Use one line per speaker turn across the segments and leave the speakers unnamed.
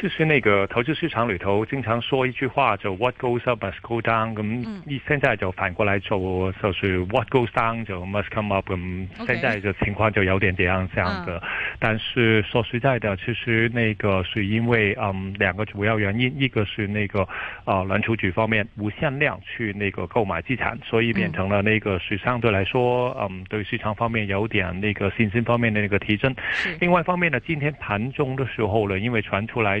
就是那個投資市場裏頭經常說一句話，就 what goes up must go down 咁、嗯，你、嗯、現在就反過來做，就是 what goes down 就 must come up 咁、嗯，Okay. 現在的情況就有點這樣這樣子。Uh, 但是說實在的，其實那個是因為嗯兩個主要原因，一個是那個啊聯儲局方面無限量去那個購買資產，所以變成了那個係相對來說，嗯，嗯對市場方面有點那個信心方面的那個提振。另外一方面呢，今天盤中的時候呢，因為傳出來。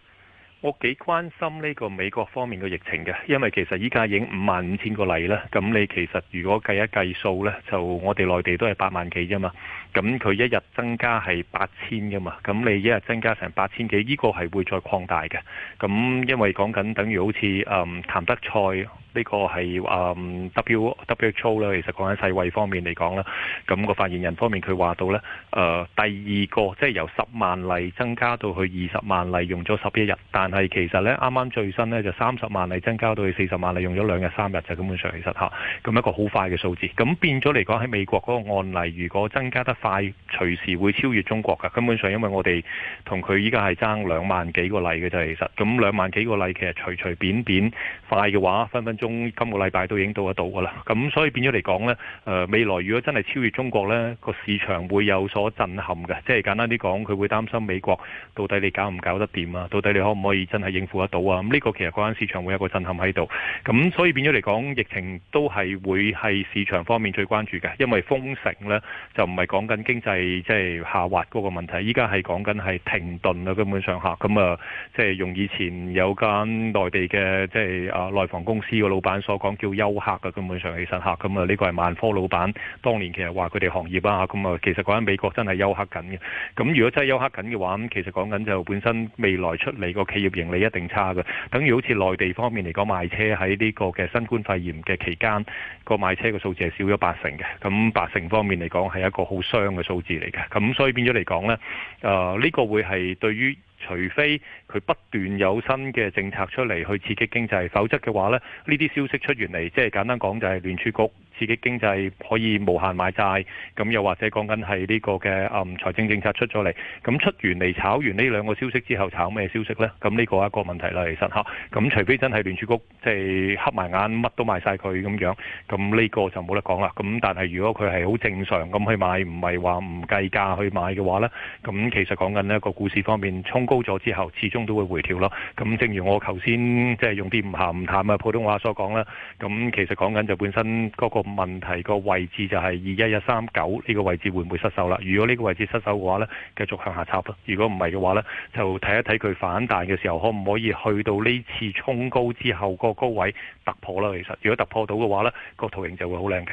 我幾關心呢個美國方面嘅疫情嘅，因為其實依家已經五萬五千個例啦。咁你其實如果計一計數呢，就我哋內地都係八萬幾啫嘛。咁佢一日增加係八千嘅嘛。咁你一日增加成八千幾，呢個係會再擴大嘅。咁因為講緊等於好似誒、嗯、譚德塞。呢、這個係誒、嗯、W WHO 咧，其實講緊世衛方面嚟講啦。咁、那個發言人方面佢話到呢，誒、呃、第二個即係、就是、由十萬例增加到去二十萬例，用咗十一日，但係其實呢，啱啱最新呢，就三十萬例增加到去四十萬例，用咗兩日三日就根本上其實吓，咁、啊、一個好快嘅數字，咁變咗嚟講喺美國嗰個案例，如果增加得快，隨時會超越中國㗎。根本上因為我哋同佢依家係爭兩萬幾個例嘅就係其實，咁兩萬幾個例其實隨隨便便，便快嘅話分分。紛紛仲今個禮拜都已經到得到㗎啦，咁所以變咗嚟講咧，誒未來如果真係超越中國咧，個市場會有所震撼嘅，即係簡單啲講，佢會擔心美國到底你搞唔搞得掂啊？到底你可唔可以真係應付得到啊？咁呢個其實嗰間市場會有一個震撼喺度，咁所以變咗嚟講，疫情都係會係市場方面最關注嘅，因為封城咧就唔係講緊經濟即係下滑嗰個問題，依家係講緊係停頓啊，根本上下咁啊，即係用以前有間內地嘅即係啊內房公司。老闆所講叫休克嘅，根本上係殺客咁啊！呢個係萬科老闆當年其實話佢哋行業啊，咁啊，其實講緊美國真係休克緊嘅。咁如果真係休克緊嘅話，咁其實講緊就本身未來出嚟個企業盈利一定差嘅。等於好似內地方面嚟講賣車喺呢個嘅新冠肺炎嘅期間，個賣車嘅數字係少咗八成嘅。咁八成方面嚟講係一個好傷嘅數字嚟嘅。咁所以變咗嚟講呢，誒、呃、呢、呢個會係對於。除非佢不斷有新嘅政策出嚟去刺激經濟，否則嘅話咧，呢啲消息出完嚟，即係簡單講就係聯儲局。自己經濟可以無限買債，咁又或者講緊係呢個嘅誒、嗯、財政政策出咗嚟，咁出完嚟炒完呢兩個消息之後，炒咩消息呢？咁呢個係一個問題啦，其實嚇，咁除非真係聯儲局即係黑埋眼，乜都賣晒佢咁樣，咁呢個就冇得講啦。咁但係如果佢係好正常咁去買，唔係話唔計價去買嘅話的呢，咁其實講緊呢個股市方面衝高咗之後，始終都會回調咯。咁正如我頭先即係用啲唔鹹唔淡嘅普通話所講啦，咁其實講緊就本身嗰、那個。問題個位置就係二一一三九呢個位置會唔會失守啦？如果呢個位置失守嘅話呢，繼續向下插。如果唔係嘅話呢就睇一睇佢反彈嘅時候，可唔可以去到呢次衝高之後個高位突破啦。其實，如果突破到嘅話呢、那個圖形就會好靚嘅。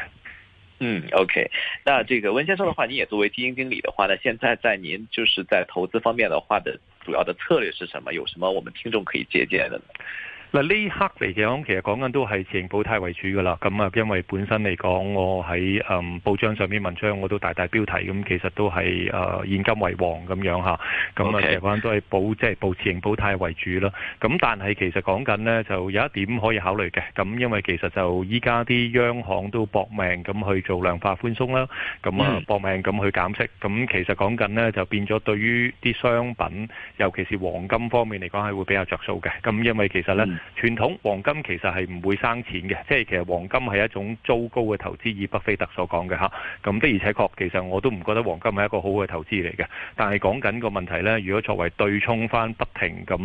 嗯
，OK。那這個溫先生的話，你也作為基金經理的話，呢，現在在您就是在投資方面的話的，主要的策略是什麼？有什麼我們聽眾可以借鑒的？
嗱呢刻嚟嘅，其實講緊都係持盈保泰為主噶啦。咁啊，因為本身嚟講，我喺嗯報章上面文章，我都大大標題咁，其實都係誒、呃、現金為王咁樣下咁啊，成班、okay。都係保即係、就是、保持盈保泰為主啦。咁但係其實講緊呢，就有一點可以考慮嘅。咁因為其實就依家啲央行都搏命咁去做量化寬鬆啦。咁啊，搏命咁去減息。咁其實講緊呢，就變咗對於啲商品，尤其是黃金方面嚟講，係會比較着數嘅。咁因為其實呢。Mm. 傳統黃金其實係唔會生錢嘅，即係其實黃金係一種糟糕嘅投資，以巴菲特所講嘅吓。咁的而且確，其實我都唔覺得黃金係一個好嘅投資嚟嘅。但係講緊個問題呢，如果作為對沖返，不停咁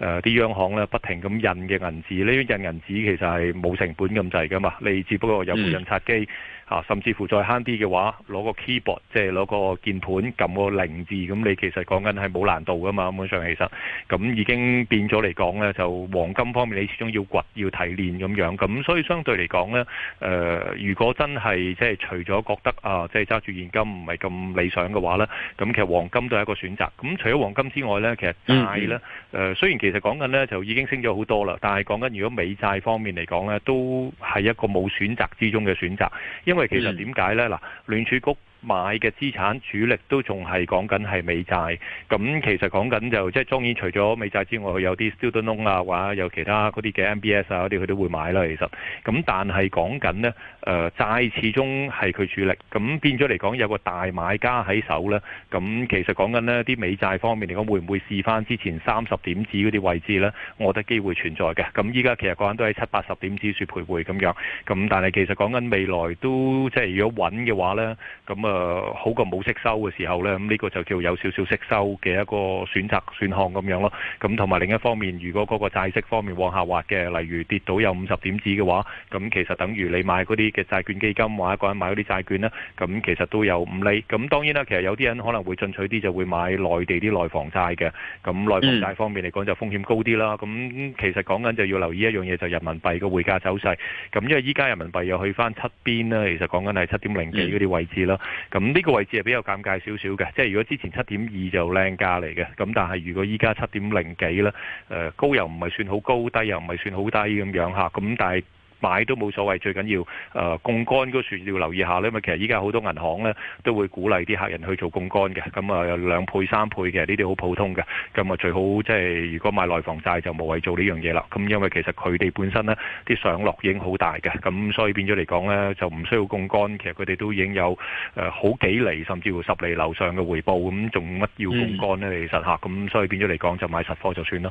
誒啲央行呢，不停咁印嘅銀紙，呢啲印銀紙其實係冇成本咁滯㗎嘛，你只不過有部印刷機。嗯啊，甚至乎再慳啲嘅話，攞個 keyboard，即係攞個鍵盤撳個零字，咁你其實講緊係冇難度噶嘛。基本上其實，咁已經變咗嚟講呢，就黃金方面你始終要掘要提煉咁樣。咁所以相對嚟講呢，誒、呃，如果真係即係除咗覺得啊，即係揸住現金唔係咁理想嘅話呢，咁其實黃金都係一個選擇。咁除咗黃金之外呢，其實債呢、呃，雖然其實講緊呢就已經升咗好多啦，但係講緊如果美債方面嚟講呢，都係一個冇選擇之中嘅選擇。因為其實點解咧？嗱，聯儲局。買嘅資產主力都仲係講緊係美債，咁其實講緊就即係當然除咗美債之外，有啲 student loan 啊，或者有其他嗰啲嘅 MBS 啊嗰啲佢都會買啦。其實，咁但係講緊呢誒、呃、債始終係佢主力，咁變咗嚟講有個大買家喺手呢。咁其實講緊呢啲美債方面嚟講，會唔會試翻之前三十點子嗰啲位置呢？我覺得機會存在嘅。咁依家其實個人都係七八十點子處徘徊咁樣，咁但係其實講緊未來都即係如果穩嘅話呢。咁啊～誒、呃、好過冇息收嘅時候呢，咁、嗯、呢、這個就叫有少少息收嘅一個選擇選項咁樣咯。咁同埋另一方面，如果嗰個債息方面往下滑嘅，例如跌到有五十點子嘅話，咁、嗯、其實等於你買嗰啲嘅債券基金，或者一個人買嗰啲債券呢，咁、嗯、其實都有五厘。咁、嗯、當然啦，其實有啲人可能會進取啲，就會買內地啲內房債嘅。咁、嗯嗯、內房債方面嚟講就風險高啲啦。咁、嗯嗯、其實講緊就要留意一樣嘢，就人民幣嘅匯價走勢。咁、嗯、因為依家人民幣又去翻七邊啦，其實講緊係七點零幾嗰啲位置啦。嗯嗯咁呢個位置係比較尷尬少少嘅，即係如果之前七點二就靚價嚟嘅，咁但係如果依家七點零幾啦，誒高又唔係算好高，低又唔係算好低咁樣吓。咁但係。買都冇所謂，最緊要誒槓桿嗰時要留意下咧。因為，其實依家好多銀行咧都會鼓勵啲客人去做槓桿嘅。咁啊，兩倍、三倍嘅呢啲好普通嘅。咁啊，最好即係如果買內房債就無謂做呢樣嘢啦。咁因為其實佢哋本身咧啲上落已經好大嘅，咁所以變咗嚟講咧就唔需要槓桿。其實佢哋都已經有誒好幾釐甚至乎十釐樓上嘅回報，咁仲乜要槓桿咧？其實嚇，咁所以變咗嚟講就買實貨就算啦。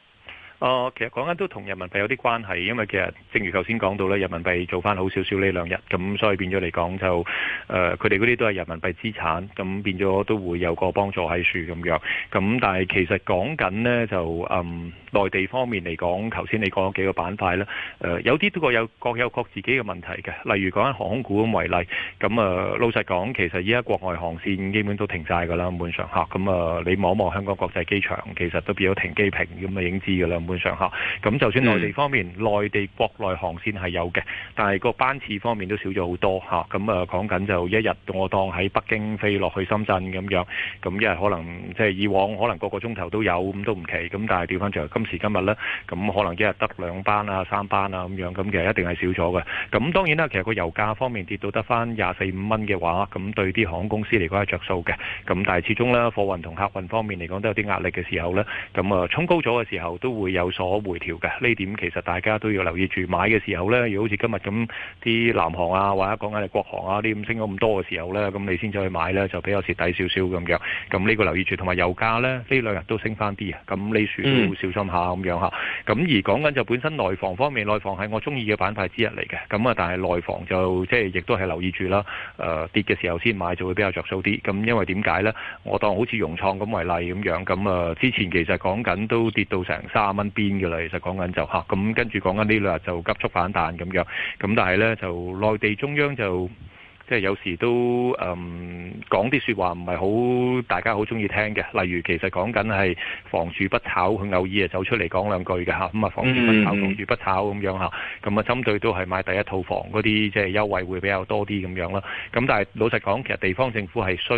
哦，其實講緊都同人民幣有啲關係，因為其實正如頭先講到咧，人民幣做翻好少少呢兩日，咁所以變咗嚟講就誒，佢哋嗰啲都係人民幣資產，咁變咗都會有個幫助喺處咁樣。咁但係其實講緊呢，就嗯內地方面嚟講，頭先你講咗幾個板塊啦，誒、呃、有啲都各有各有各自己嘅問題嘅，例如講緊航空股咁為例，咁啊、呃、老實講，其實而家國外航線基本都停晒噶啦，滿常客，咁啊、呃、你望一望香港國際機場，其實都變咗停機坪咁啊已經知噶啦。正常嚇，咁就算內地方面，內地國內航線係有嘅，但係個班次方面都少咗好多嚇。咁啊講緊就一日我當喺北京飛落去深圳咁樣，咁一係可能即係以往可能個個鐘頭都有，咁都唔奇。咁但係調翻轉，今時今日咧，咁可能一日得兩班啊、三班啊咁樣，咁其實一定係少咗嘅。咁當然啦，其實個油價方面跌到得翻廿四五蚊嘅話，咁對啲航空公司嚟講係著數嘅。咁但係始終咧，貨運同客運方面嚟講都有啲壓力嘅時候咧，咁啊衝高咗嘅時候都會有。有所回調嘅呢點，其實大家都要留意住買嘅時候呢。如果好似今日咁啲南航啊，或者講緊係國航啊呢咁升咗咁多嘅時候呢，咁你先至去買呢，就比較蝕底少少咁樣。咁呢、這個留意住，同埋油價呢，呢兩日都升翻啲啊，咁呢處都要小心一下咁樣嚇。咁而講緊就本身內房方面，內房係我中意嘅板塊之一嚟嘅。咁啊，但係內房就即係亦都係留意住啦。誒、呃、跌嘅時候先買就會比較着數啲。咁因為點解呢？我當好似融創咁為例咁樣。咁啊，之前其實講緊都跌到成三蚊。邊嘅啦？其實講緊就嚇，咁跟住講緊呢兩日就急速反彈咁樣。咁但係呢就內地中央就即係有時都誒講啲説話唔係好大家好中意聽嘅。例如其實講緊係房住不炒，佢偶爾啊走出嚟講兩句嘅嚇。咁啊房住不炒，房住不炒咁樣嚇。咁啊針對都係買第一套房嗰啲即係優惠會比較多啲咁樣咯。咁但係老實講，其實地方政府係需要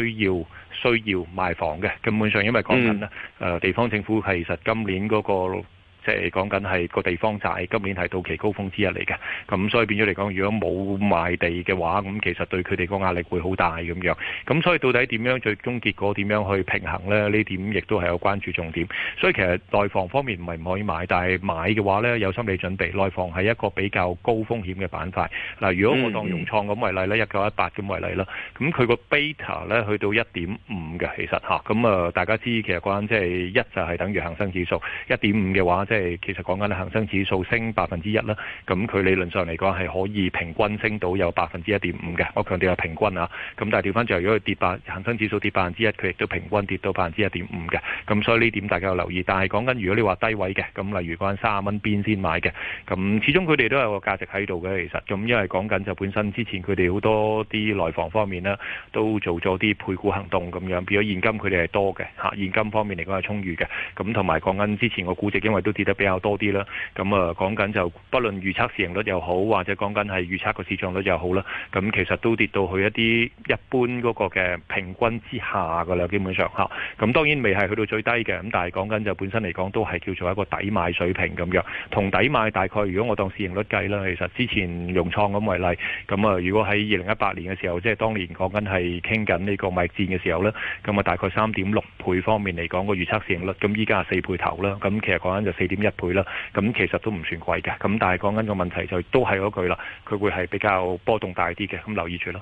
需要賣房嘅。根本上因為講緊呢誒地方政府其實今年嗰個。即係講緊係個地方債，今年係到期高峰之日嚟嘅，咁所以變咗嚟講，如果冇賣地嘅話，咁其實對佢哋個壓力會好大咁樣。咁所以到底點樣最終結果點樣去平衡呢？呢點亦都係有關注重點。所以其實內房方面唔係唔可以買，但係買嘅話呢，有心理準備。內房係一個比較高風險嘅板塊。嗱、呃，如果我當融創咁為例、嗯、為例呢一九一八咁為例啦，咁佢個 beta 呢去到一點五嘅，其實吓，咁啊、呃，大家知道其實關即係一就係、是、等於恒生指數一點五嘅話。即係其實講緊恒生指數升百分之一啦，咁佢理論上嚟講係可以平均升到有百分之一點五嘅。我強調係平均啊，咁但係調翻轉，如果佢跌百恒生指數跌百分之一，佢亦都平均跌到百分之一點五嘅。咁所以呢點大家有留意。但係講緊如果你話低位嘅，咁例如講三十蚊邊先買嘅，咁始終佢哋都有個價值喺度嘅。其實咁因為講緊就本身之前佢哋好多啲內房方面啦，都做咗啲配股行動咁樣，變咗現金佢哋係多嘅。現金方面嚟講係充裕嘅。咁同埋講緊之前個估值，因為都跌得比較多啲啦，咁啊講緊就不論預測市盈率又好，或者講緊係預測個市賬率又好啦，咁其實都跌到去一啲一般嗰個嘅平均之下㗎喇，基本上吓。咁當然未係去到最低嘅，咁但係講緊就本身嚟講都係叫做一個抵買水平咁樣。同抵買大概如果我當市盈率計啦，其實之前融創咁為例，咁啊如果喺二零一八年嘅時候，即係當年講緊係傾緊呢個貿戰嘅時候呢，咁啊大概三點六倍方面嚟講個預測市盈率，咁依家係四倍頭啦，咁其實講緊就四點一倍啦，咁其實都唔算貴嘅，咁但係講緊個問題就都係嗰句啦，佢會係比較波動大啲嘅，咁留意住咯。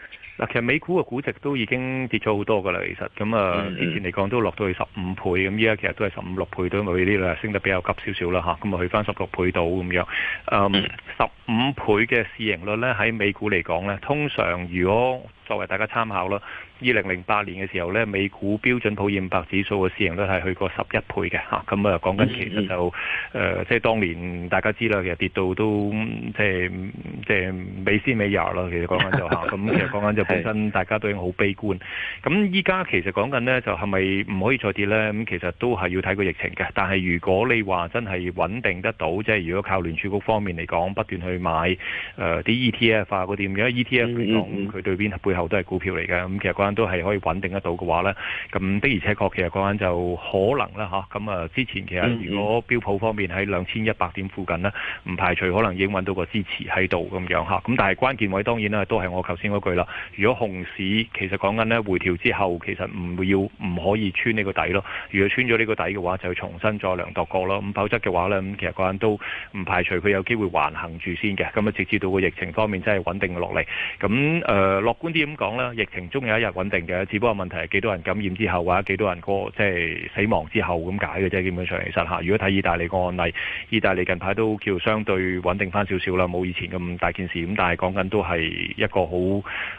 嗱，其實美股嘅估值都已經跌咗好多噶啦。其實咁啊，以前嚟講都落到去十五倍，咁依家其實都係十五六倍都冇呢啲啦，因為升得比較急少少啦嚇，咁啊去返十六倍到咁樣。嗯，十五倍嘅市盈率咧，喺美股嚟講咧，通常如果作為大家參考啦，二零零八年嘅時候咧，美股標準普爾五百指數嘅市盈率係去過十一倍嘅嚇。咁啊講緊其實就誒、呃嗯，即係當年大家知啦，其實跌到都、嗯、即係即係美先尾廿啦。其實講緊就嚇、是、咁，嗯、 其實講緊就本身大家都已經好悲觀。咁依家其實講緊呢，就係咪唔可以再跌咧？咁其實都係要睇個疫情嘅。但係如果你話真係穩定得到，即係如果靠聯儲局方面嚟講不斷去買誒啲、呃、ETF 啊嗰啲咁，因為 ETF 嚟講佢對邊背後。都係股票嚟嘅，咁其實嗰陣都係可以穩定得到嘅話呢。咁的而且確，其實嗰陣就可能啦吓，咁啊之前其實如果標普方面喺兩千一百點附近呢，唔排除可能已經揾到個支持喺度咁樣吓，咁但係關鍵位當然咧都係我頭先嗰句啦，如果熊市其實講緊呢，回調之後，其實唔會要唔可以穿呢個底咯，如果穿咗呢個底嘅話，就重新再量度過咯，咁否則嘅話呢，咁其實嗰陣都唔排除佢有機會橫行住先嘅，咁啊直至到個疫情方面真係穩定落嚟，咁誒樂觀啲。點講咧？疫情終有一日穩定嘅，只不過問題係幾多人感染之後，或者幾多人過即係死亡之後咁解嘅啫。基本上其實嚇，如果睇意大利個案例，意大利近排都叫相對穩定翻少少啦，冇以前咁大件事。咁但係講緊都係一個好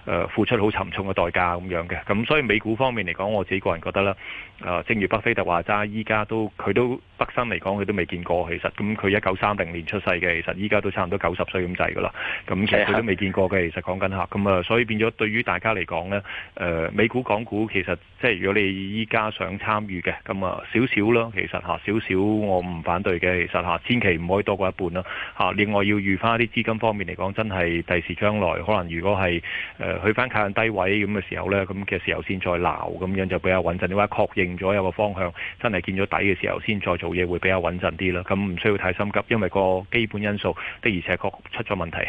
誒付出好沉重嘅代價咁樣嘅。咁所以美股方面嚟講，我自己個人覺得咧，誒正如巴菲特話齋，依家都佢都畢生嚟講，佢都未見過其實。咁佢一九三零年出世嘅，其實依家都差唔多九十歲咁滯噶啦。咁其實佢都未見過嘅。其實講緊嚇咁啊，所以變咗對。於大家嚟講咧，誒、呃、美股港股其實即係如果你依家想參與嘅，咁啊少少咯，其實嚇少少我唔反對嘅，其實嚇、啊、千祈唔可以多過一半啦嚇、啊。另外要預翻一啲資金方面嚟講，真係第時將來可能如果係誒、呃、去翻吸引低位咁嘅時候呢，咁嘅時候先再撈咁樣就比較穩陣。你話確認咗有個方向，真係見咗底嘅時候先再做嘢，會比較穩陣啲啦。咁唔需要太心急，因為個基本因素的而且確出咗問題。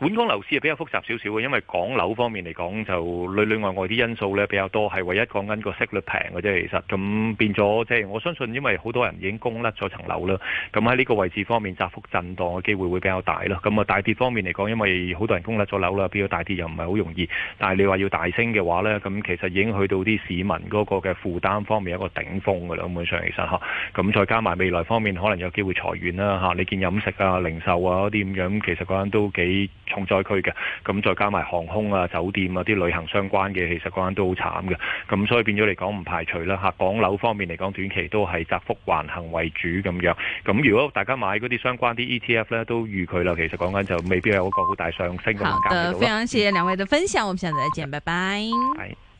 本港樓市啊比較複雜少少嘅，因為港樓方面嚟講就內內外外啲因素咧比較多，係唯一講緊個息率平嘅啫。其實咁變咗即係我相信，因為好多人已經供甩咗層樓啦，咁喺呢個位置方面窄幅震盪嘅機會會比較大啦。咁啊大跌方面嚟講，因為好多人供甩咗樓啦，比較大跌又唔係好容易。但係你話要大升嘅話咧，咁其實已經去到啲市民嗰個嘅負擔方面一個頂峰嘅啦。咁本上其實嚇，咁再加埋未來方面可能有機會裁員啦嚇。你見飲食啊、零售啊嗰啲咁樣，其實講都幾重災區嘅，咁再加埋航空啊、酒店啊啲旅行相關嘅，其實講緊都好慘嘅。咁所以變咗嚟講，唔排除啦嚇。港樓方面嚟講，短期都係窄幅橫行為主咁樣。咁如果大家買嗰啲相關啲 ETF 咧，都預佢啦。其實講緊就未必有一個好大上升嘅空間。非常
謝謝兩位嘅分享，我們下次再見，拜拜。拜拜。